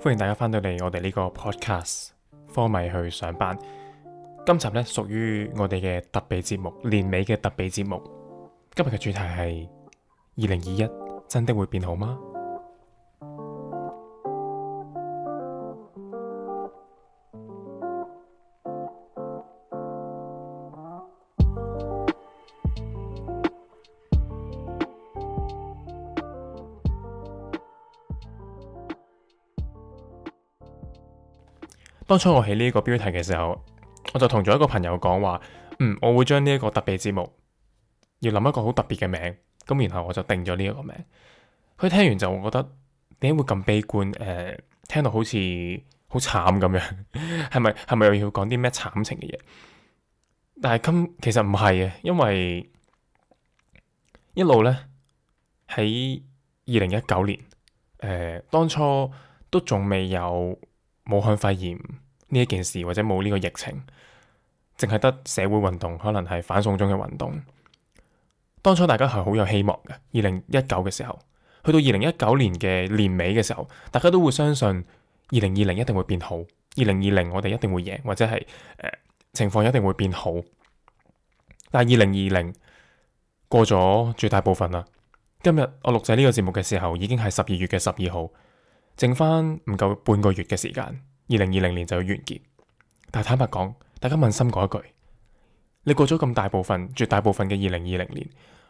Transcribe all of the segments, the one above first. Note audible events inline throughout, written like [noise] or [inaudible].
歡迎大家返到嚟我哋呢個 podcast 科米去上班。今集呢，屬於我哋嘅特備節目，年尾嘅特備節目。今日嘅主題係二零二一真的會變好嗎？當初我起呢個標題嘅時候，我就同咗一個朋友講話，嗯，我會將呢一個特別節目，要諗一個好特別嘅名，咁然後我就定咗呢一個名。佢聽完就覺得點解會咁悲觀？誒、呃，聽到好似好慘咁樣，係咪係咪又要講啲咩慘情嘅嘢？但係今其實唔係啊，因為一路呢，喺二零一九年，誒、呃，當初都仲未有。武漢肺炎呢一件事，或者冇呢個疫情，淨係得社會運動，可能係反送中嘅運動。當初大家係好有希望嘅，二零一九嘅時候，去到二零一九年嘅年尾嘅時候，大家都會相信二零二零一定會變好，二零二零我哋一定會贏，或者係、呃、情況一定會變好。但二零二零過咗絕大部分啦。今日我錄製呢個節目嘅時候，已經係十二月嘅十二號。剩翻唔夠半個月嘅時間，二零二零年就要完結。但係坦白講，大家問心講一句，你過咗咁大部分、絕大部分嘅二零二零年，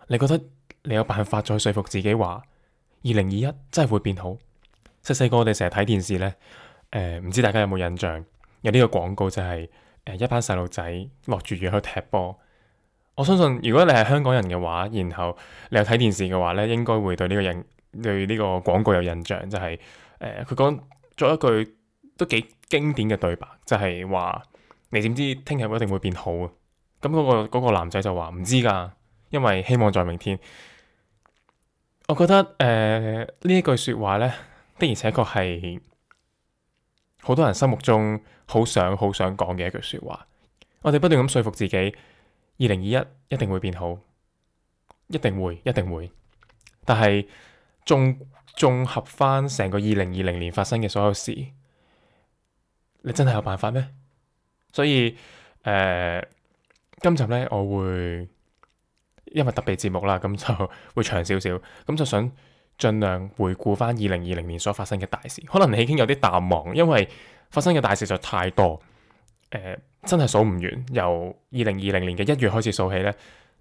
你覺得你有辦法再說服自己話二零二一真係會變好？細細個我哋成日睇電視呢，呃、唔知大家有冇印象？有呢個廣告就係、係呃、一班細路仔落住雨去踢波。我相信如果你係香港人嘅話，然後你有睇電視嘅話呢，應該會對呢個印、對呢個廣告有印象、就係，就係。誒，佢講咗一句都幾經典嘅對白，就係話：你點知聽日一定會變好啊？咁嗰個嗰個男仔就話唔知㗎，因為希望在明天。我覺得誒呢一句説話呢的而且確係好多人心目中好想好想講嘅一句説話。我哋不斷咁説服自己，二零二一一定會變好，一定會，一定會。但係，綜合翻成個二零二零年發生嘅所有事，你真係有辦法咩？所以誒、呃，今集呢，我會因為特別節目啦，咁就會長少少。咁就想盡量回顧翻二零二零年所發生嘅大事。可能你已經有啲淡忘，因為發生嘅大事就太多，呃、真係數唔完。由二零二零年嘅一月開始數起呢，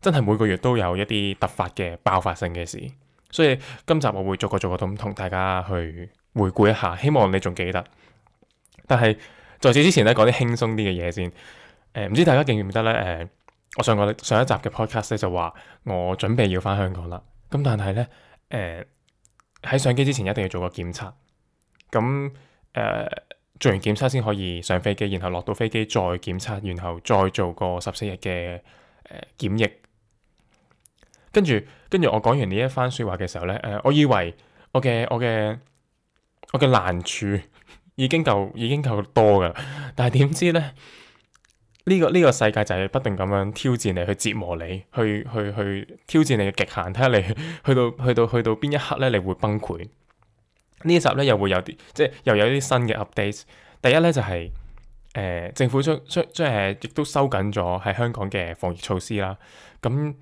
真係每個月都有一啲突發嘅、爆發性嘅事。所以今集我會逐個逐個咁同大家去回顧一下，希望你仲記得。但係在此之前咧，講啲輕鬆啲嘅嘢先。誒、呃，唔知大家記唔記得咧？誒、呃，我上個上一集嘅 podcast 咧就話我準備要翻香港啦。咁但係咧，誒，喺上機之前一定要做個檢測。咁、嗯、誒、呃、做完檢測先可以上飛機，然後落到飛機再檢測，然後再做個十四日嘅誒檢疫。跟住，跟住我講完呢一番説話嘅時候咧，誒、呃，我以為我嘅我嘅我嘅難處已經夠已經夠多㗎啦，但係點知咧，呢、呢個呢、呢個世界就係不斷咁樣挑戰你，去折磨你，去去去挑戰你嘅極限，睇下你去到去到去到邊一刻咧，你會崩潰。呢一集咧又會有啲即係又有啲新嘅 update。第一咧就係、是、誒、呃、政府出出即係亦都收緊咗喺香港嘅防疫措施啦，咁。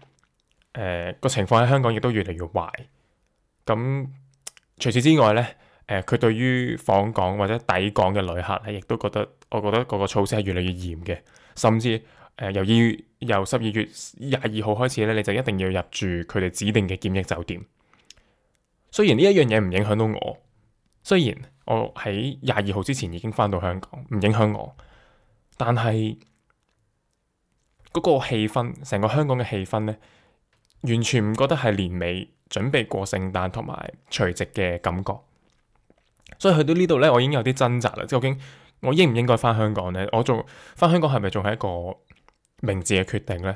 誒，個、呃、情況喺香港亦都越嚟越壞。咁除此之外呢，誒、呃，佢對於訪港或者抵港嘅旅客咧，亦都覺得，我覺得個個措施係越嚟越嚴嘅。甚至誒、呃，由於由十二月廿二號開始咧，你就一定要入住佢哋指定嘅檢疫酒店。雖然呢一樣嘢唔影響到我，雖然我喺廿二號之前已經翻到香港，唔影響我，但係嗰個氣氛，成個香港嘅氣氛呢。完全唔覺得係年尾準備過聖誕同埋除夕嘅感覺，所以去到呢度呢，我已經有啲掙扎啦。究竟我應唔應該翻香港呢？我做翻香港係咪仲係一個明智嘅決定呢？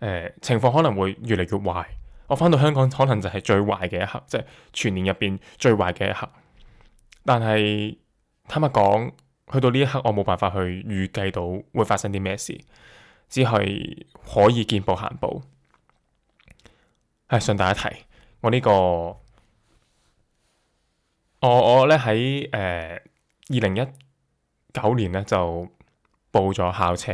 誒，情況可能會越嚟越壞。我翻到香港可能就係最壞嘅一刻，即係全年入邊最壞嘅一刻。但係坦白講，去到呢一刻，我冇辦法去預計到會發生啲咩事，只係可以見步行步。係，順帶一提，我呢、這個，我我咧喺誒二零一九年咧就報咗考車，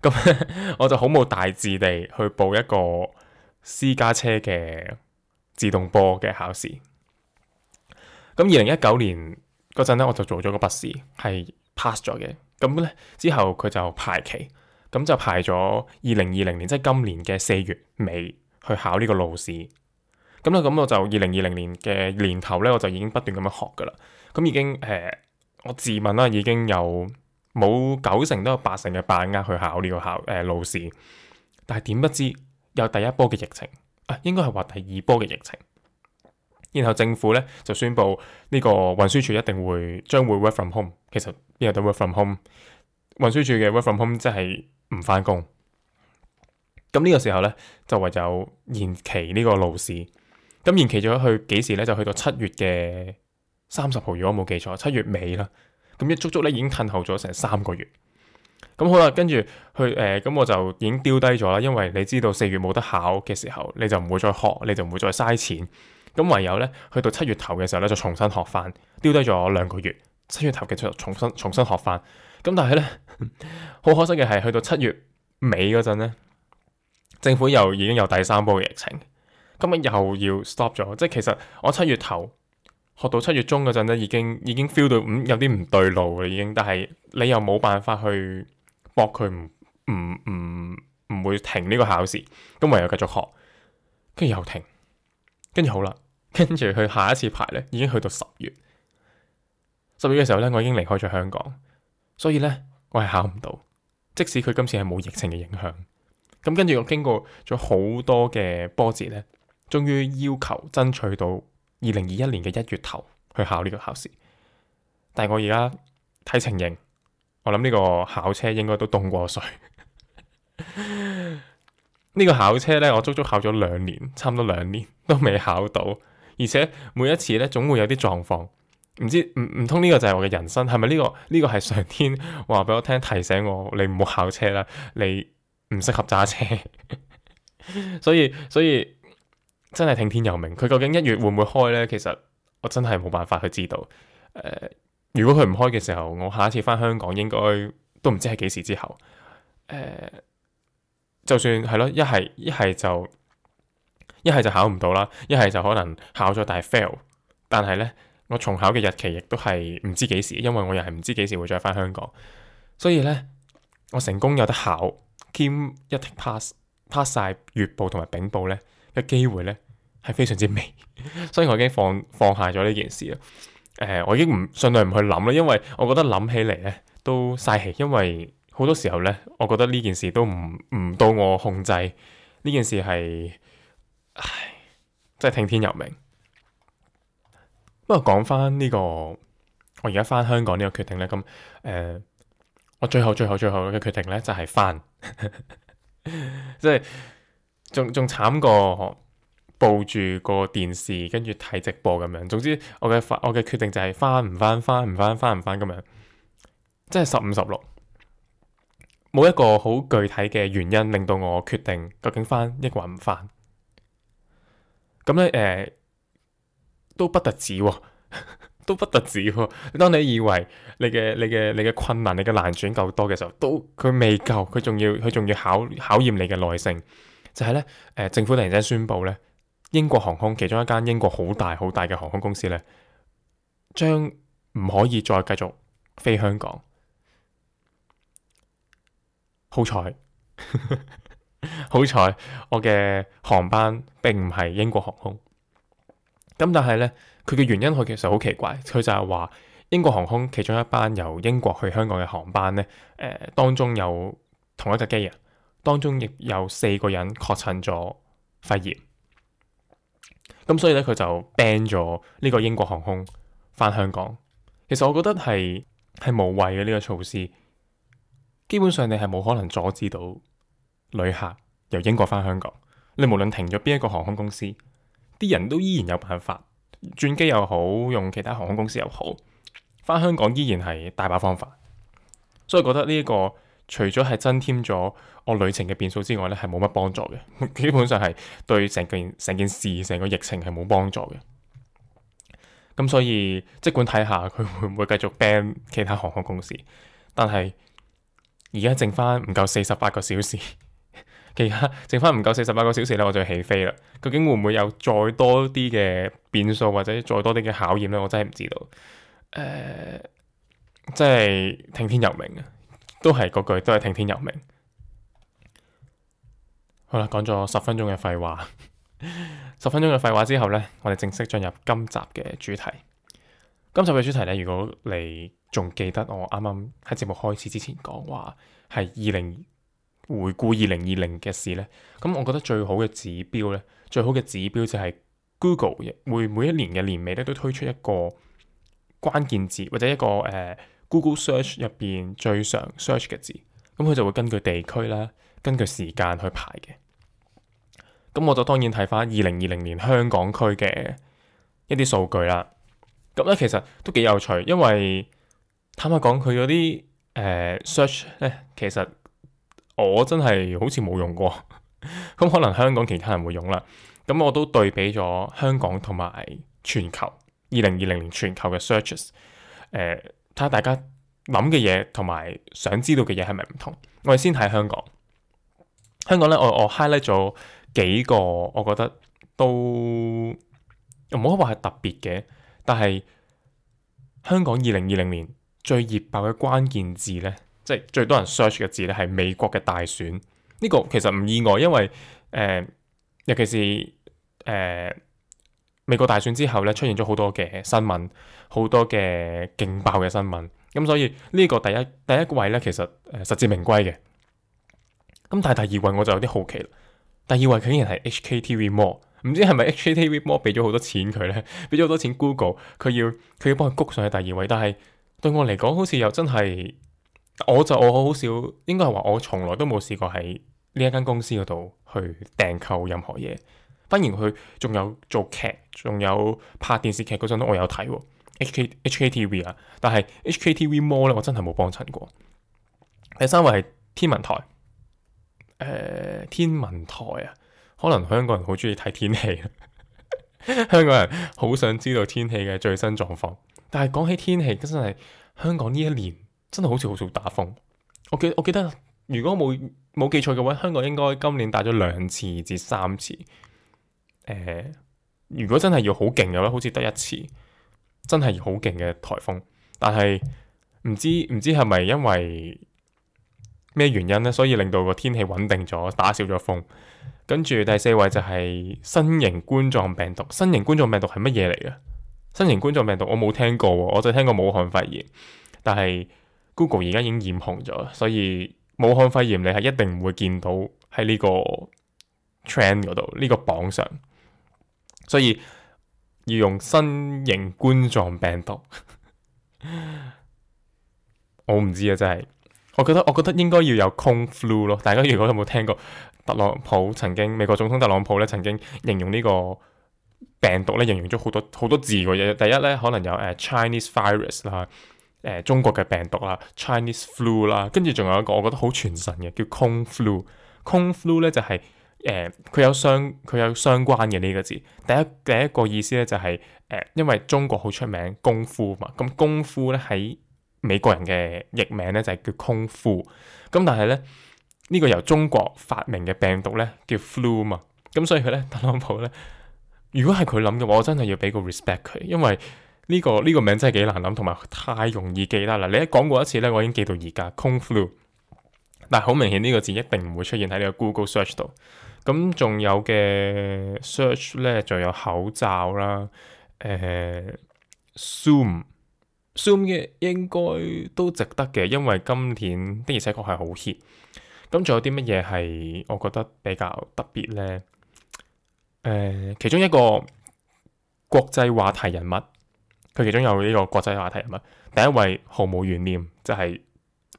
咁 [laughs] 我就好冇大志地去報一個私家車嘅自動波嘅考試。咁二零一九年嗰陣咧，我就做咗個筆試，係 pass 咗嘅。咁咧之後佢就排期，咁就排咗二零二零年，即、就、係、是、今年嘅四月尾。去考呢個路試，咁咧咁我就二零二零年嘅年頭呢，我就已經不斷咁樣學㗎啦，咁已經誒、呃、我自問啦，已經有冇九成都有八成嘅把握去考呢個考誒、呃、路試，但係點不知有第一波嘅疫情啊，應該係話第二波嘅疫情，然後政府呢，就宣布呢個運輸署一定會將會 work from home，其實邊度都 work from home，運輸署嘅 work from home 即係唔返工。咁呢個時候呢，就唯有延期呢個路試。咁延期咗去幾時呢？就去到七月嘅三十號，如果冇記錯，七月尾啦。咁一足足呢已經褪後咗成三個月。咁好啦，跟住去誒，咁、呃、我就已經丟低咗啦。因為你知道四月冇得考嘅時候，你就唔會再學，你就唔會再嘥錢。咁唯有呢，去到七月頭嘅時候呢，就重新學翻，丟低咗兩個月。七月頭嘅時候重新重新學翻。咁但係呢，好可惜嘅係，去到七月尾嗰陣呢。政府又已經有第三波嘅疫情，今日又要 stop 咗。即係其實我七月頭學到七月中嗰陣咧，已經已經 feel 到嗯，有啲唔對路啦，已經。但係你又冇辦法去博佢唔唔唔唔會停呢個考試，咁唯有繼續學，跟住又停，跟住好啦，跟住佢下一次排咧已經去到十月，十月嘅時候咧，我已經離開咗香港，所以咧我係考唔到，即使佢今次係冇疫情嘅影響。咁跟住我經過咗好多嘅波折咧，終於要求爭取到二零二一年嘅一月頭去考呢個考試。但係我而家睇情形，我諗呢個考車應該都凍過水。呢 [laughs] 個考車咧，我足足考咗兩年，差唔多兩年都未考到，而且每一次咧總會有啲狀況。唔知唔唔通呢個就係我嘅人生，係咪呢個呢、呢個係上天話俾我聽，提醒我你唔好考車啦，你？唔適合揸車 [laughs] 所，所以所以真係聽天由命。佢究竟一月會唔會開呢？其實我真係冇辦法去知道。呃，如果佢唔開嘅時候，我下一次翻香港應該都唔知係幾時之後。呃，就算係咯，一係一係就一係就考唔到啦，一係就可能考咗但係 fail。但係呢，我重考嘅日期亦都係唔知幾時，因為我又係唔知幾時會再翻香港。所以呢，我成功有得考。兼一停 pass pass 晒月報同埋丙報咧嘅機會咧，係非常之微， [laughs] 所以我已經放放下咗呢件事啦。誒、呃，我已經唔盡量唔去諗啦，因為我覺得諗起嚟咧都嘥氣，因為好多時候咧，我覺得呢件事都唔唔到我控制，呢件事係，唉，真係聽天由命。不過講翻呢個我而家翻香港呢個決定咧，咁誒。呃我最後最後最後嘅決定咧，就係、是、翻， [laughs] 即係仲仲慘過抱、啊、住個電視跟住睇直播咁樣。總之我嘅我嘅決定就係翻唔翻翻唔翻翻唔翻咁樣，即係十五十六，冇一個好具體嘅原因令到我決定究竟翻抑或唔翻。咁咧誒，都不特止、哦。 [laughs] 都不特止。當你以為你嘅、你嘅、你嘅困難、你嘅難處夠多嘅時候，都佢未夠，佢仲要佢仲要考考驗你嘅耐性。就係、是、咧，誒、呃、政府突然之間宣布咧，英國航空其中一間英國好大好大嘅航空公司咧，將唔可以再繼續飛香港。好彩，好彩，我嘅航班並唔係英國航空。咁但係咧。佢嘅原因，佢其實好奇怪。佢就係話英國航空其中一班由英國去香港嘅航班呢，誒、呃、當中有同一隻機啊，當中亦有四個人確診咗肺炎。咁所以呢，佢就 ban 咗呢個英國航空翻香港。其實我覺得係係無謂嘅呢個措施。基本上你係冇可能阻止到旅客由英國翻香港。你無論停咗邊一個航空公司，啲人都依然有辦法。轉機又好，用其他航空公司又好，翻香港依然係大把方法，所以覺得呢一個除咗係增添咗我旅程嘅變數之外呢，係冇乜幫助嘅，基本上係對成件成件事成個疫情係冇幫助嘅。咁所以，即管睇下佢會唔會繼續 ban 其他航空公司，但係而家剩翻唔夠四十八個小時。其他剩翻唔夠四十八個小時咧，我就要起飛啦。究竟會唔會有再多啲嘅變數或者再多啲嘅考驗咧？我真係唔知道。誒、呃，即係聽天由命啊，都係嗰句，都係聽天由命。好啦，講咗十分鐘嘅廢話，十 [laughs] 分鐘嘅廢話之後呢，我哋正式進入今集嘅主題。今集嘅主題呢，如果你仲記得我啱啱喺節目開始之前講話，係二零。回顧二零二零嘅事呢，咁我覺得最好嘅指標呢，最好嘅指標就係 Google 會每一年嘅年尾呢都推出一個關鍵字或者一個誒、uh, Google Search 入邊最常 Search 嘅字，咁佢就會根據地區呢、根據時間去排嘅。咁我就當然睇返二零二零年香港區嘅一啲數據啦。咁呢，其實都幾有趣，因為坦白講佢嗰啲誒 Search 呢，其實～我真係好似冇用過、 [laughs] 嗯，咁可能香港其他人會用啦。咁、嗯、我都對比咗香港同埋全球二零二零年全球嘅 searches，睇、呃、下大家諗嘅嘢同埋想知道嘅嘢係咪唔同。我哋先睇香港，香港呢，我我 highlight 咗幾個，我覺得都唔可以話係特別嘅，但係香港二零二零年最熱爆嘅關鍵字呢。即係最多人 search 嘅字咧，係美國嘅大選。呢、這個其實唔意外，因為誒、呃，尤其是誒、呃、美國大選之後咧，出現咗好多嘅新聞，好多嘅勁爆嘅新聞。咁所以呢個第一第一位咧，其實誒、呃、實至名歸嘅。咁但係第二位我就有啲好奇啦。第二位佢竟然係 HKTV More，唔知係咪 HKTV More 俾咗好多錢佢咧，俾咗好多錢 Google，佢要佢要幫佢谷上去第二位。但係對我嚟講，好似又真係～我就我好好少，應該係話我從來都冇試過喺呢一間公司嗰度去訂購任何嘢。反而，佢仲有做劇，仲有拍電視劇嗰陣，我有睇 HK HKTV 啊。但係 HKTV Mall 咧，我真係冇幫襯過。第三位係天文台。誒、呃、天文台啊，可能香港人好中意睇天氣， [laughs] 香港人好想知道天氣嘅最新狀況。但係講起天氣，真係香港呢一年。真係好似好少打風。我記我記得，如果冇冇記錯嘅話，香港應該今年打咗兩次至三次。誒、呃，如果真係要好勁嘅話，好似得一次真係好勁嘅颱風。但係唔知唔知係咪因為咩原因呢？所以令到個天氣穩定咗，打少咗風。跟住第四位就係新型冠狀病毒。新型冠狀病毒係乜嘢嚟嘅？新型冠狀病毒我冇聽過，我就聽過武漢肺炎。但係。Google 而家已經染紅咗，所以武漢肺炎你係一定唔會見到喺呢個 trend 嗰度呢、呢個榜上，所以要用新型冠狀病毒， [laughs] 我唔知啊！真係，我覺得我覺得應該要有 Kung flu 咯。大家如果有冇聽過，特朗普曾經美國總統特朗普咧曾經形容呢個病毒咧，形容咗好多好多字嘅。第一咧，可能有誒、uh, Chinese virus 啦。誒、呃、中國嘅病毒啦，Chinese flu 啦，跟住仲有一個我覺得好傳神嘅叫 Kong flu。Kong flu 咧就係誒佢有相佢有相關嘅呢個字。第一第一個意思咧就係、是、誒、呃，因為中國好出名功夫嘛，咁、嗯、功夫咧喺美國人嘅譯名咧就係、是、叫 Kong Fu。咁、嗯、但係咧呢、這個由中國發明嘅病毒咧叫 flu 嘛，咁、嗯、所以佢咧特朗普咧，如果係佢諗嘅話，我真係要俾個 respect 佢，因為。呢個呢個名真係幾難諗，同埋太容易記得啦！你一講過一次呢，我已經記到而家。Kong flu 但係好明顯呢個字一定唔會出現喺呢個 Google Search 度。咁、嗯、仲有嘅 Search 呢，就有口罩啦，誒、呃、Zoom，Zoom 嘅應該都值得嘅，因為今年的而且確係好 hit。咁、嗯、仲有啲乜嘢係我覺得比較特別呢？誒、呃，其中一個國際話題人物。佢其中有呢個國際話題啊嘛，第一位毫無懸念就係、是、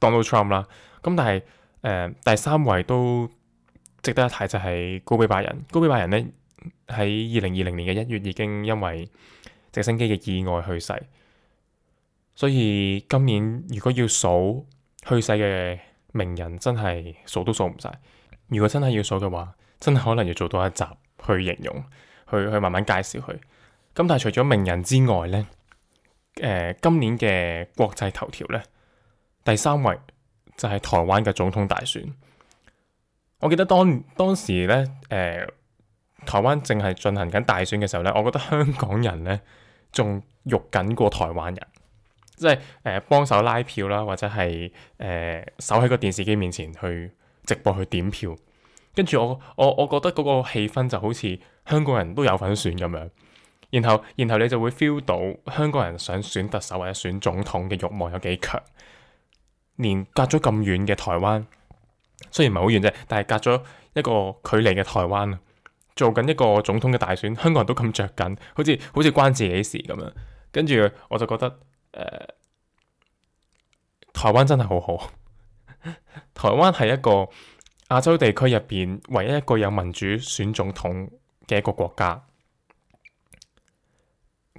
Donald Trump 啦、啊。咁但係，誒、呃、第三位都值得一提就係高比拜仁。高比拜仁呢，喺二零二零年嘅一月已經因為直升機嘅意外去世，所以今年如果要數去世嘅名人，真係數都數唔晒；如果真係要數嘅話，真係可能要做多一集去形容，去去慢慢介紹佢。咁、啊、但係除咗名人之外呢。誒、呃、今年嘅國際頭條咧，第三位就係台灣嘅總統大選。我記得當當時咧，誒、呃、台灣正係進行緊大選嘅時候咧，我覺得香港人咧仲喐緊過台灣人，即係誒、呃、幫手拉票啦，或者係誒、呃、守喺個電視機面前去直播去點票，跟住我我我覺得嗰個氣氛就好似香港人都有份選咁樣。然後，然後你就會 feel 到香港人想選特首或者選總統嘅慾望有幾強。連隔咗咁遠嘅台灣，雖然唔係好遠啫，但係隔咗一個距離嘅台灣，做緊一個總統嘅大選，香港人都咁着緊，好似好似關自己事咁樣。跟住我就覺得，誒、呃，台灣真係好好。 [laughs] 台灣係一個亞洲地區入邊唯一一個有民主選總統嘅一個國家。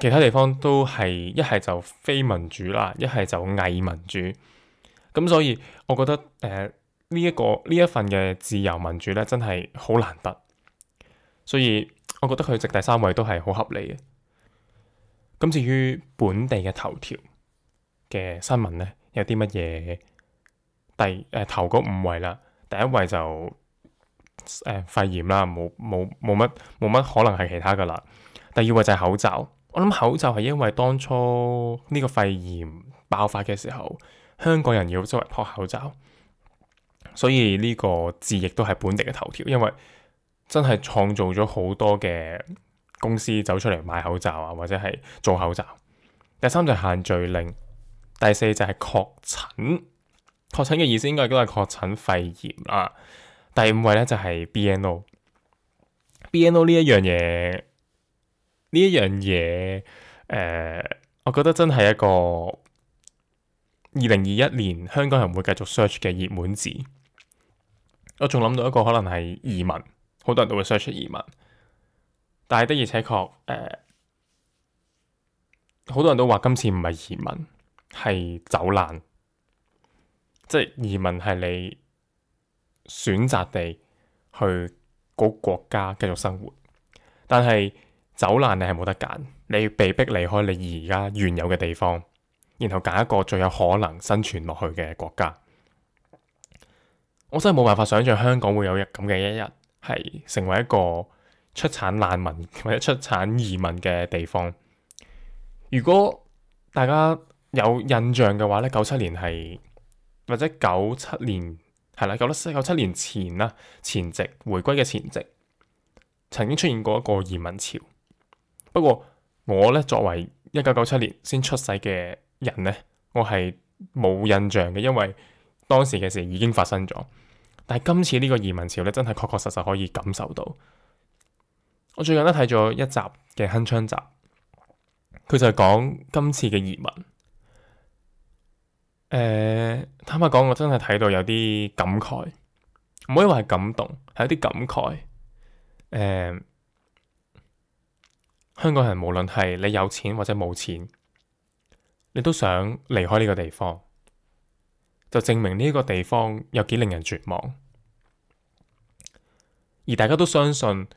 其他地方都係一係就非民主啦，一係就偽民主。咁所以，我覺得誒呢、呃、一個呢一份嘅自由民主咧，真係好難得。所以我覺得佢值第三位都係好合理嘅。咁至於本地嘅頭條嘅新聞咧，有啲乜嘢？第誒、呃、頭嗰五位啦，第一位就誒、呃、肺炎啦，冇冇冇乜冇乜可能係其他㗎啦。第二位就係口罩。我諗口罩係因為當初呢個肺炎爆發嘅時候，香港人要周圍撲口罩，所以呢個字亦都係本地嘅頭條，因為真係創造咗好多嘅公司走出嚟買口罩啊，或者係做口罩。第三就係限聚令，第四就係確診，確診嘅意思應該都係確診肺炎啊。第五位咧就係 BNO，BNO 呢一樣嘢。呢一樣嘢，誒、呃，我覺得真係一個二零二一年香港人會繼續 search 嘅熱門字。我仲諗到一個可能係移民，好多人都會 search 移民，但係的而且確誒，好、呃、多人都話今次唔係移民係走難，即係移民係你選擇地去嗰個國家繼續生活，但係，走難，你係冇得揀，你被逼離開你而家原有嘅地方，然後揀一個最有可能生存落去嘅國家。我真係冇辦法想像香港會有咁嘅一日，係成為一個出產難民或者出產移民嘅地方。如果大家有印象嘅話呢，九七年係，或者九七年，係啦，九七年前啦，前夕回歸嘅前夕曾經出現過一個移民潮。不過我咧作為一九九七年先出世嘅人咧，我係冇印象嘅，因為當時嘅事已經發生咗。但係今次呢個移民潮咧，真係確確實實可以感受到。我最近咧睇咗一集嘅《鏗鏘集》，佢就係講今次嘅移民。誒、呃，坦白講，我真係睇到有啲感慨，唔可以話係感動，係有啲感慨。誒、呃。香港人無論係你有錢或者冇錢，你都想離開呢個地方，就證明呢個地方有幾令人絕望。而大家都相信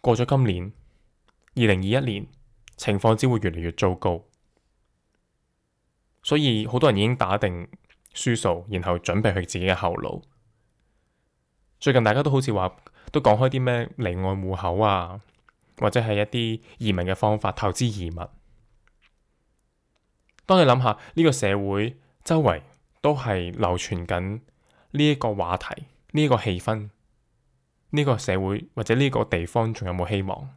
過咗今年二零二一年，情況只會越嚟越糟糕，所以好多人已經打定輸數，然後準備去自己嘅後路。最近大家都好似話，都講開啲咩離岸戶口啊。或者係一啲移民嘅方法，投資移民。當你諗下呢個社會周圍都係流傳緊呢一個話題、呢個氣氛，呢個社會或者呢個地方仲有冇希望？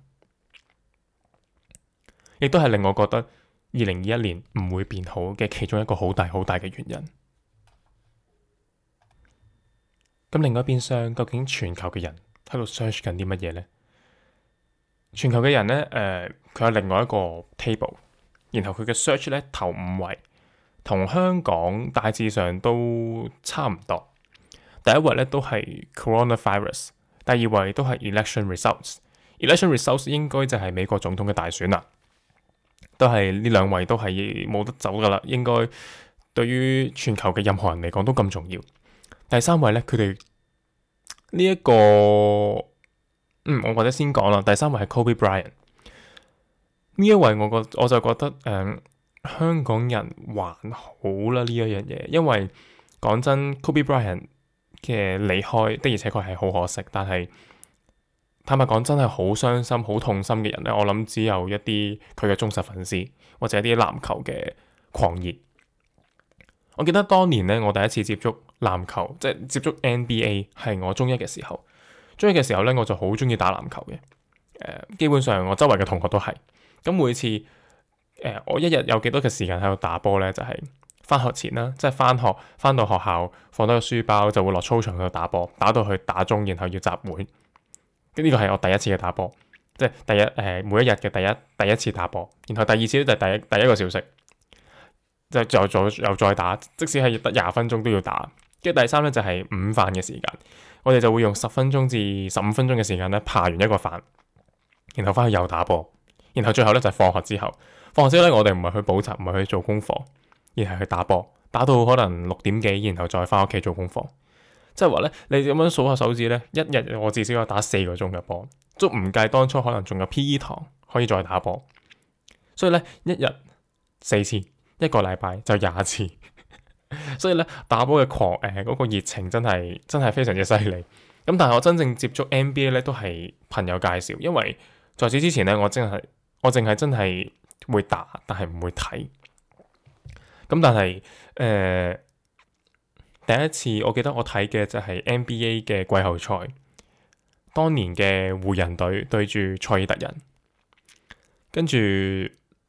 亦都係令我覺得二零二一年唔會變好嘅其中一個好大好大嘅原因。咁另外一邊廂，究竟全球嘅人喺度 search 緊啲乜嘢呢？全球嘅人呢，誒、呃，佢有另外一個 table，然後佢嘅 search 呢頭五位同香港大致上都差唔多，第一位呢都係 coronavirus，第二位都係 election results，election results 應該就係美國總統嘅大選啦，都係呢兩位都係冇得走噶啦，應該對於全球嘅任何人嚟講都咁重要。第三位呢，佢哋呢一個。嗯，我覺得先講啦。第三位係 Kobe Bryant，呢一位我覺我就覺得，誒、嗯、香港人還好啦，呢一樣嘢，因為講真，Kobe Bryant 嘅離開的而且確係好可惜。但係坦白講，真係好傷心、好痛心嘅人咧，我諗只有一啲佢嘅忠實粉絲或者一啲籃球嘅狂熱。我記得當年咧，我第一次接觸籃球，即係接觸 NBA 係我中一嘅時候。中意嘅時候咧，我就好中意打籃球嘅。誒、呃，基本上我周圍嘅同學都係。咁每次誒、呃，我一日有幾多嘅時間喺度打波咧？就係、是、翻學前啦，即係翻學翻到學校放低個書包，就會落操場度打波，打到去打鐘，然後要集會。跟呢個係我第一次嘅打波，即係第一誒、呃、每一日嘅第一第一次打波。然後第二次咧就係第一第一個小息，就再再又再打，即使係得廿分鐘都要打。跟住第三咧就係、是、午飯嘅時間。我哋就會用十分鐘至十五分鐘嘅時間咧，扒完一個飯，然後返去又打波，然後最後咧就係、是、放學之後。放學之後咧，我哋唔係去補習，唔係去做功課，而係去打波，打到可能六點幾，然後再返屋企做功課。即係話咧，你咁樣數下手指咧，一日我至少要打四個鐘嘅波，都唔計當初可能仲有 P.E 堂可以再打波。所以咧，一日四次，一個禮拜就廿次。 [laughs] 所以咧，打波嘅狂誒，嗰、呃那個熱情真係真係非常之犀利。咁、嗯、但係我真正接觸 NBA 咧，都係朋友介紹，因為在此之前咧，我淨係我淨係真係會打，但係唔會睇。咁、嗯、但係誒、呃，第一次我記得我睇嘅就係 NBA 嘅季後賽，當年嘅湖人隊對住塞爾特人，跟住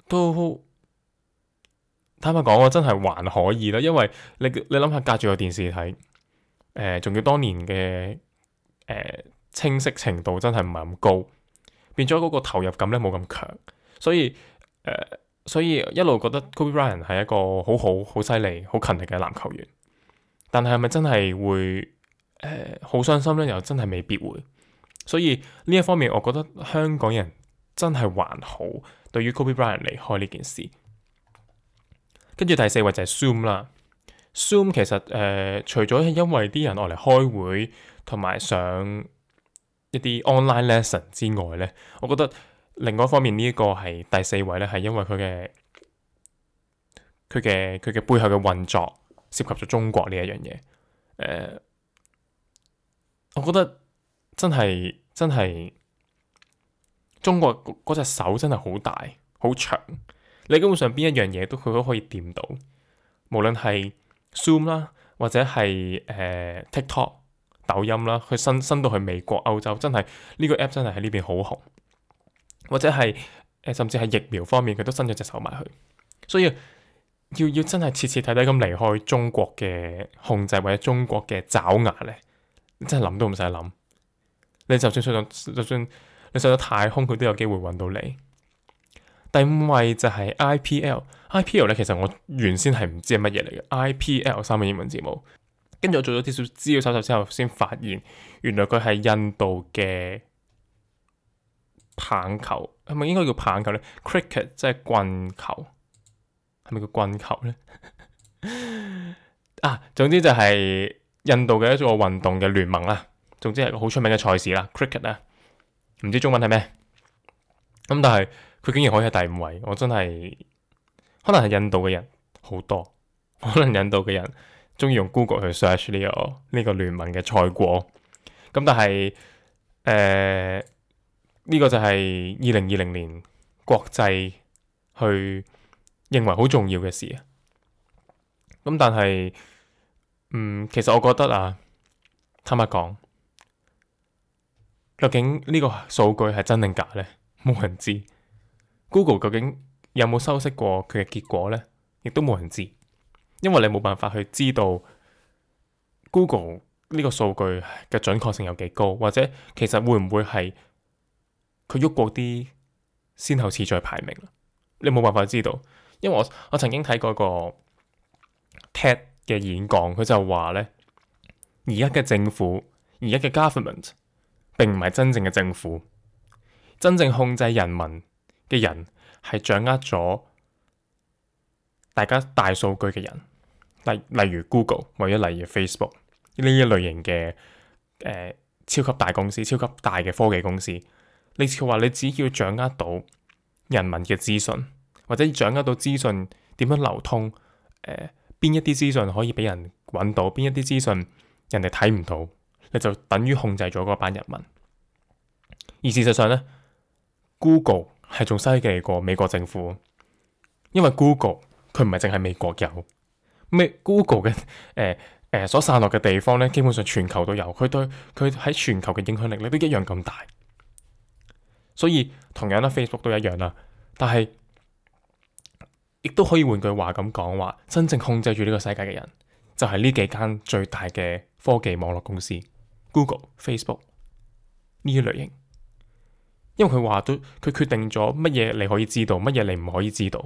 都。坦白講，我真係還可以啦，因為你你諗下隔住個電視睇，誒、呃、仲要當年嘅誒、呃、清晰程度真係唔係咁高，變咗嗰個投入感咧冇咁強，所以誒、呃、所以一路覺得 Kobe Bryant 係一個好好好犀利、好勤力嘅籃球員，但係係咪真係會誒好、呃、傷心咧？又真係未必會，所以呢一方面，我覺得香港人真係還好對於 Kobe Bryant 離開呢件事。跟住第四位就係 Zoom 啦。Zoom 其實誒、呃，除咗係因為啲人愛嚟開會同埋上一啲 online lesson 之外咧，我覺得另外一方面呢一個係第四位咧，係因為佢嘅佢嘅佢嘅背後嘅運作涉及咗中國呢一樣嘢。誒、呃，我覺得真係真係中國嗰隻手真係好大好長。你基本上邊一樣嘢都佢都可以掂到，無論係 Zoom 啦，或者係誒、呃、TikTok、抖音啦，佢伸伸到去美國、歐洲，真係呢、這個 app 真係喺呢邊好紅，或者係誒甚至係疫苗方面，佢都伸咗隻手埋去。所以要要，要真係切切睇睇徹徹底底咁離開中國嘅控制或者中國嘅爪牙咧，真係諗都唔使諗。你就算上就算你上到太空，佢都有機會揾到你。第五位就係 IPL，IPL 咧，其實我原先係唔知係乜嘢嚟嘅。IPL 三個英文字母，跟住我做咗啲少資料搜索之後，先發現原來佢係印度嘅棒球，係咪應該叫棒球咧？Cricket 即係棍球，係咪叫棍球咧？ [laughs] 啊，總之就係印度嘅一個運動嘅聯盟啦。總之係一個好出名嘅賽事啦。Cricket 啊，唔知中文係咩咁，但係。佢竟然可以喺第五位，我真係可能係印度嘅人好多，可能印度嘅人中意用 Google 去 search 呢、呢個呢、呢個聯盟嘅賽果。咁、嗯、但係誒呢個就係二零二零年國際去認為好重要嘅事啊。咁、嗯、但係嗯，其實我覺得啊，坦白講，究竟呢個數據係真定假咧，冇人知。Google 究竟有冇修飾過佢嘅結果呢？亦都冇人知，因為你冇辦法去知道 Google 呢個數據嘅準確性有幾高，或者其實會唔會係佢喐過啲先後次序排名。你冇辦法知道，因為我我曾經睇過一個 TED 嘅演講，佢就話呢而家嘅政府，而家嘅 government 並唔係真正嘅政府，真正控制人民嘅人係掌握咗大家大數據嘅人，例例如 Google，或者例如 Facebook 呢一類型嘅誒、呃、超級大公司、超級大嘅科技公司。你佢話你只要掌握到人民嘅資訊，或者掌握到資訊點樣流通，誒、呃、邊一啲資訊可以俾人揾到，邊一啲資訊人哋睇唔到，你就等於控制咗嗰班人民。而事實上呢，Google 係仲犀利過美國政府，因為 Google 佢唔係淨係美國有，美 Google 嘅誒誒所散落嘅地方咧，基本上全球都有，佢對佢喺全球嘅影響力咧都一樣咁大。所以同樣啦 Facebook 都一樣啦。但係亦都可以換句話咁講話，真正控制住呢個世界嘅人，就係呢幾間最大嘅科技網絡公司，Google、Facebook 呢一類型。因為佢話都佢決定咗乜嘢你可以知道，乜嘢你唔可以知道。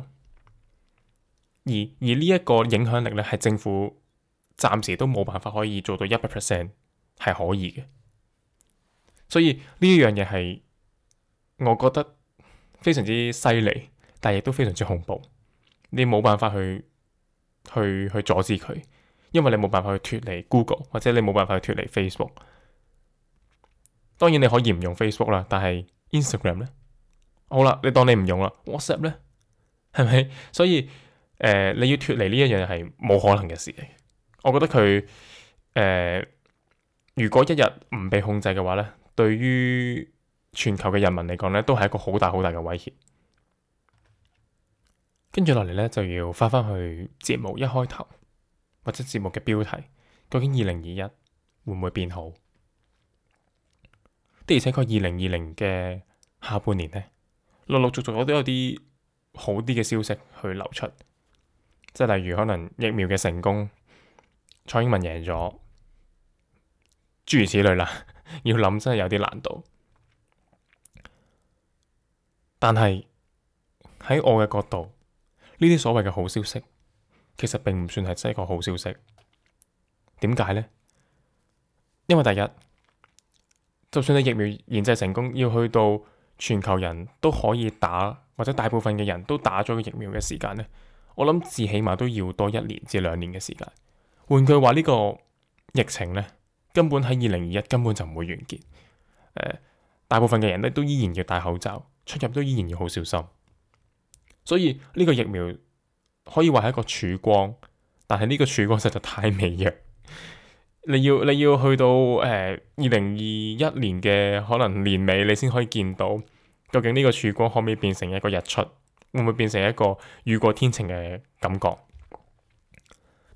而而呢一個影響力呢，係政府暫時都冇辦法可以做到一百 percent 係可以嘅。所以呢一樣嘢係我覺得非常之犀利，但係亦都非常之恐怖。你冇辦法去去去阻止佢，因為你冇辦法去脱離 Google，或者你冇辦法去脱離 Facebook。當然你可以唔用 Facebook 啦，但係 Instagram 咧，好啦，你當你唔用啦。WhatsApp 咧，係咪？所以，誒、呃，你要脫離呢一樣嘢係冇可能嘅事嚟嘅。我覺得佢，誒、呃，如果一日唔被控制嘅話咧，對於全球嘅人民嚟講咧，都係一個好大好大嘅威脅。跟住落嚟咧，就要翻翻去節目一開頭或者節目嘅標題，究竟二零二一會唔會變好？的而且確，二零二零嘅下半年呢，陸陸續續我都有啲好啲嘅消息去流出，即係例如可能疫苗嘅成功，蔡英文贏咗，諸如此類啦。 [laughs] 要諗真係有啲難度。但係喺我嘅角度，呢啲所謂嘅好消息，其實並唔算係真係一個好消息。點解呢？因為第一。就算你疫苗研製成功，要去到全球人都可以打或者大部分嘅人都打咗個疫苗嘅時間呢，我諗至起碼都要多一年至兩年嘅時間。換句話，呢個疫情呢，根本喺二零二一根本就唔會完結。呃，大部分嘅人呢，都依然要戴口罩，出入都依然要好小心。所以呢個疫苗可以話係一個曙光，但係呢個曙光實在太微弱。你要你要去到誒二零二一年嘅可能年尾，你先可以見到究竟呢個曙光可唔可以變成一個日出，會唔會變成一個雨過天晴嘅感覺？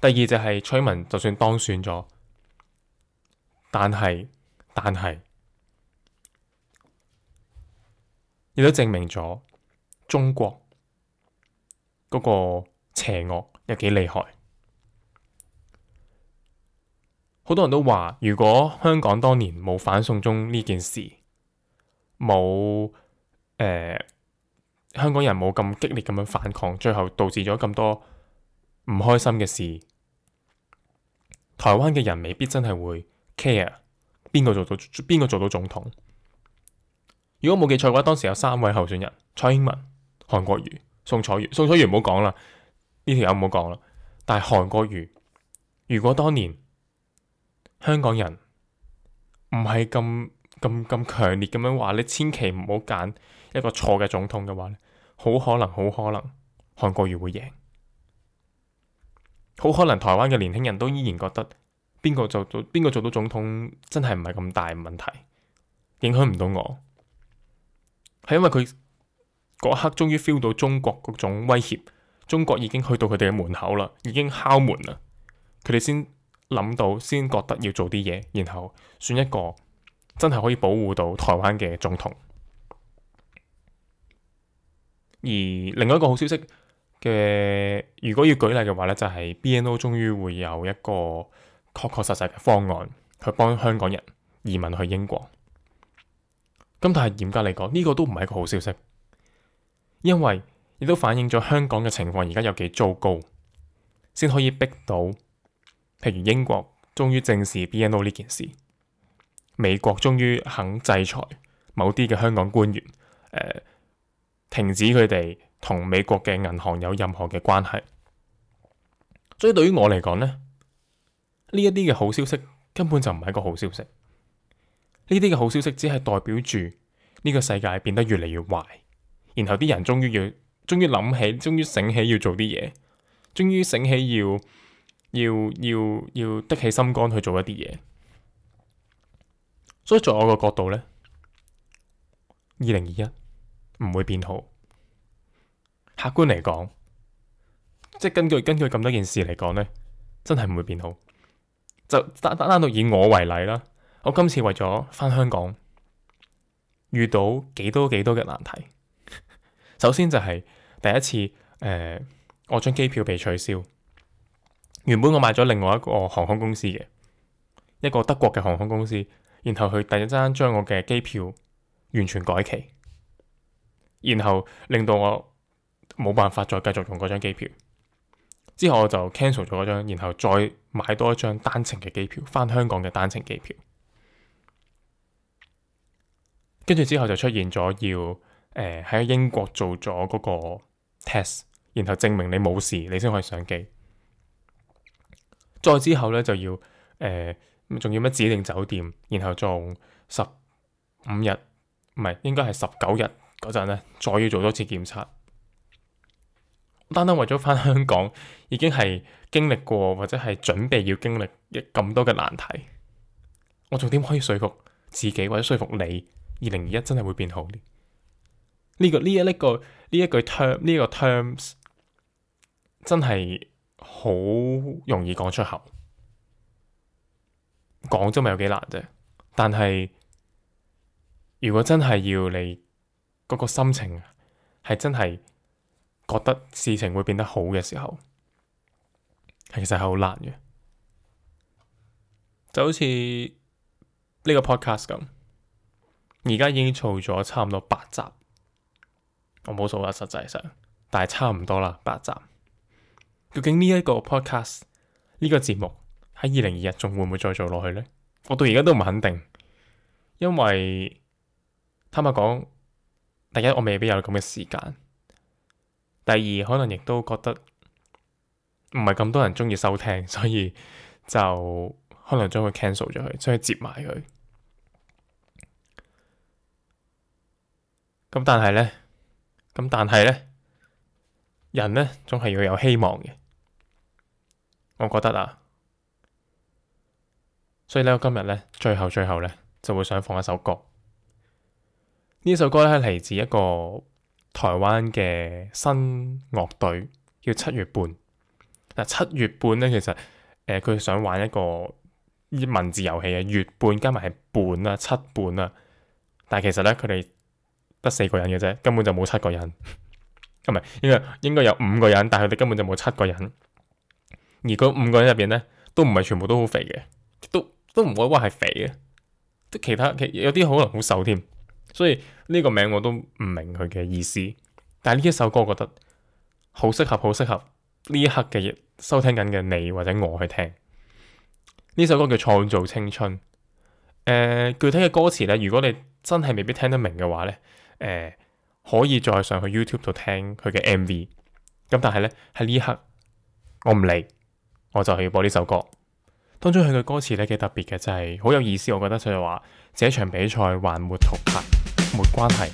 第二就係崔文就算當選咗，但係但係亦都證明咗中國嗰個邪惡有幾厲害。好多人都話，如果香港當年冇反送中呢件事，冇誒、呃、香港人冇咁激烈咁樣反抗，最後導致咗咁多唔開心嘅事，台灣嘅人未必真係會 care 邊個做到邊個做到總統。如果冇記錯嘅話，當時有三位候選人蔡英文、韓國瑜、宋楚瑜。宋楚瑜唔好講啦，呢條友唔好講啦。但係韓國瑜，如果當年香港人唔係咁咁咁強烈咁樣話你千祈唔好揀一個錯嘅總統嘅話咧，好可能好可能，韓國瑜會贏，好可能台灣嘅年輕人都依然覺得邊個做到邊個做到總統真係唔係咁大問題，影響唔到我，係因為佢嗰一刻終於 feel 到中國嗰種威脅，中國已經去到佢哋嘅門口啦，已經敲門啦，佢哋先。諗到先覺得要做啲嘢，然後選一個真係可以保護到台灣嘅總統。而另外一個好消息嘅，如果要舉例嘅話呢就係 BNO 終於會有一個確確實實嘅方案去幫香港人移民去英國。咁但係嚴格嚟講，呢個都唔係一個好消息，因為亦都反映咗香港嘅情況而家有幾糟糕，先可以逼到。譬如英國終於正視 BNO 呢件事，美國終於肯制裁某啲嘅香港官員，誒、呃、停止佢哋同美國嘅銀行有任何嘅關係。所以對於我嚟講呢，呢一啲嘅好消息根本就唔係一個好消息。呢啲嘅好消息只係代表住呢個世界變得越嚟越壞，然後啲人終於要，終於諗起，終於醒起要做啲嘢，終於醒起要。要要要的起心肝去做一啲嘢，所以在我個角度呢，二零二一唔會變好。客觀嚟講，即係根據根據咁多件事嚟講呢真係唔會變好。就單單單到以我為例啦，我今次為咗返香港遇到幾多幾多嘅難題。 [laughs] 首先就係第一次誒、呃，我張機票被取消。原本我買咗另外一個航空公司嘅一個德國嘅航空公司，然後佢突然之間將我嘅機票完全改期，然後令到我冇辦法再繼續用嗰張機票。之後我就 cancel 咗嗰張，然後再買多一張單程嘅機票，翻香港嘅單程機票。跟住之後就出現咗要誒喺，呃，英國做咗嗰個 test，然後證明你冇事，你先可以上機。再之後咧就要誒，仲、呃、要咩指定酒店，然後做十五日，唔係應該係十九日嗰陣咧，再要做多次檢測。單單為咗翻香港，已經係經歷過或者係準備要經歷一咁多嘅難題，我仲點可以說服自己或者說服你，二零二一真係會變好呢？呢、這個呢一呢個呢一句 term 呢個 terms ter 真係。好容易講出口，講啫咪有幾難啫。但係如果真係要你嗰個心情係真係覺得事情會變得好嘅時候，其實係好難嘅。就好似呢個 podcast 咁，而家已經做咗差唔多八集，我冇數啦，實際上，但係差唔多啦，八集。究竟呢一個 podcast 呢個節目喺二零二一仲會唔會再做落去呢？我到而家都唔肯定，因為坦白講，第一我未必有咁嘅時間，第二可能亦都覺得唔係咁多人中意收聽，所以就可能將佢 cancel 咗佢，將佢接埋佢。咁但係呢？咁但係呢？人呢，總係要有希望嘅。我覺得啊，所以呢，我今日呢，最後最後呢，就會想放一首歌。呢首歌呢，係嚟自一個台灣嘅新樂隊，叫七月半。嗱，七月半呢，其實誒佢、呃、想玩一個文字遊戲啊，月半加埋半啊，七半啊。但係其實呢，佢哋得四個人嘅啫，根本就冇七個人。唔係應該應該有五個人，但係佢哋根本就冇七個人。而嗰五個人入邊咧，都唔係全部都好肥嘅，都都唔會話係肥嘅。都其他其有啲可能好瘦添。所以呢個名我都唔明佢嘅意思。但係呢一首歌我覺得好適合，好適合呢一刻嘅收聽緊嘅你或者我去聽呢首歌叫《創造青春》。誒、呃，具體嘅歌詞咧，如果你真係未必聽得明嘅話咧，誒、呃。可以再上去 YouTube 度聽佢嘅 MV，咁但係呢，喺呢刻我唔嚟，我就要播呢首歌。當中佢嘅歌詞呢，幾特別嘅，就係、是、好有意思。我覺得就係話，這場比賽還沒淘汰，沒關係，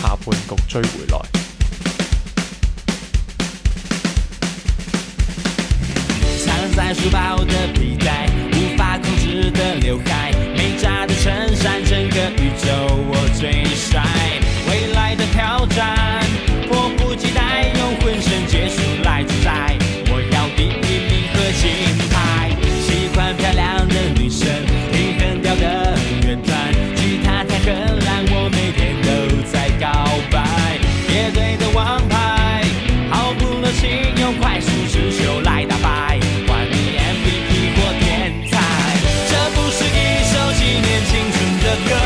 下半局追回來。藏在書包的皮帶，無法控制的劉海，沒紮的襯衫，整個宇宙我最帥。挑戰，迫不及待用渾身解數來主宰，我要第一名和金牌。喜歡漂亮的女生，平衡掉的圓盤，吉他太狠了，我每天都在告白。樂隊的王牌，毫不留情用快速之球來打敗，換你 MVP 或天才。 [noise] 這不是一首紀念青春的歌。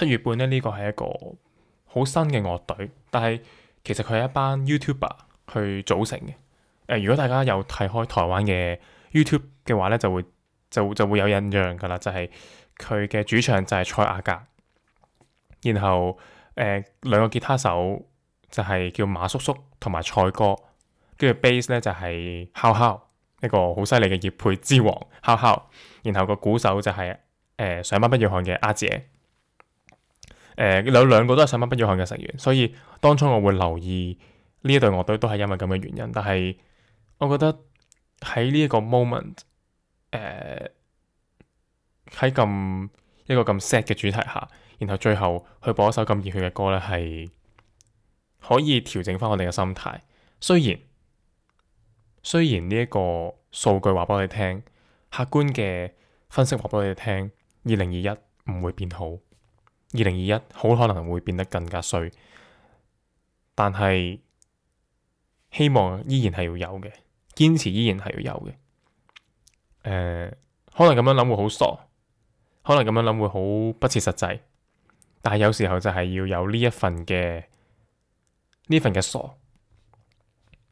七月半咧，呢、這個係一個好新嘅樂隊，但係其實佢係一班 YouTuber 去組成嘅。誒、呃，如果大家有睇開台灣嘅 YouTube 嘅話呢就會就就會有印象㗎喇。就係佢嘅主唱就係蔡阿嘎，然後誒兩、呃、個吉他手就係叫馬叔叔同埋蔡哥，跟住 bass 呢就係 HowHow 一個好犀利嘅業配之王 HowHow。How How，然後個鼓手就係、是、誒、呃、上班不要看嘅阿姐。誒有兩個都係上翻不要看嘅成員，所以當初我會留意呢一隊樂隊都係因為咁嘅原因。但係我覺得喺呢一個 moment，誒喺咁一個咁 sad 嘅主題下，然後最後去播一首咁熱血嘅歌咧，係可以調整翻我哋嘅心態。雖然雖然呢一個數據話俾我哋聽，客觀嘅分析話俾我哋聽，二零二一唔會變好。二零二一好可能會變得更加衰，但係希望依然係要有嘅，堅持依然係要有嘅。誒、呃，可能咁樣諗會好傻，可能咁樣諗會好不切實際。但係有時候就係要有呢一份嘅呢份嘅傻。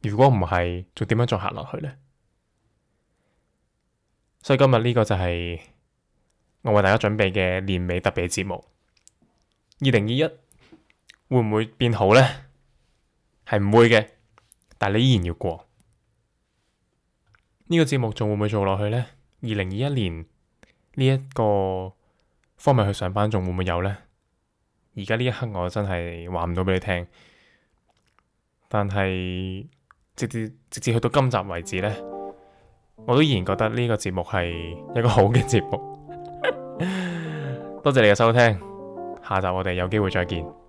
如果唔係，仲點樣再行落去呢？所以今日呢個就係我為大家準備嘅年尾特別嘅節目。二零二一會唔會變好呢？係唔會嘅，但你依然要過。呢個節目，仲會唔會做落去呢？二零二一年呢一個科米去上班，仲會唔會有呢？而家呢一刻，我真係話唔到俾你聽。但係直至直至去到今集為止呢，我都依然覺得呢個節目係一個好嘅節目。 [laughs] 多謝你嘅收聽。下集我哋有機會再見。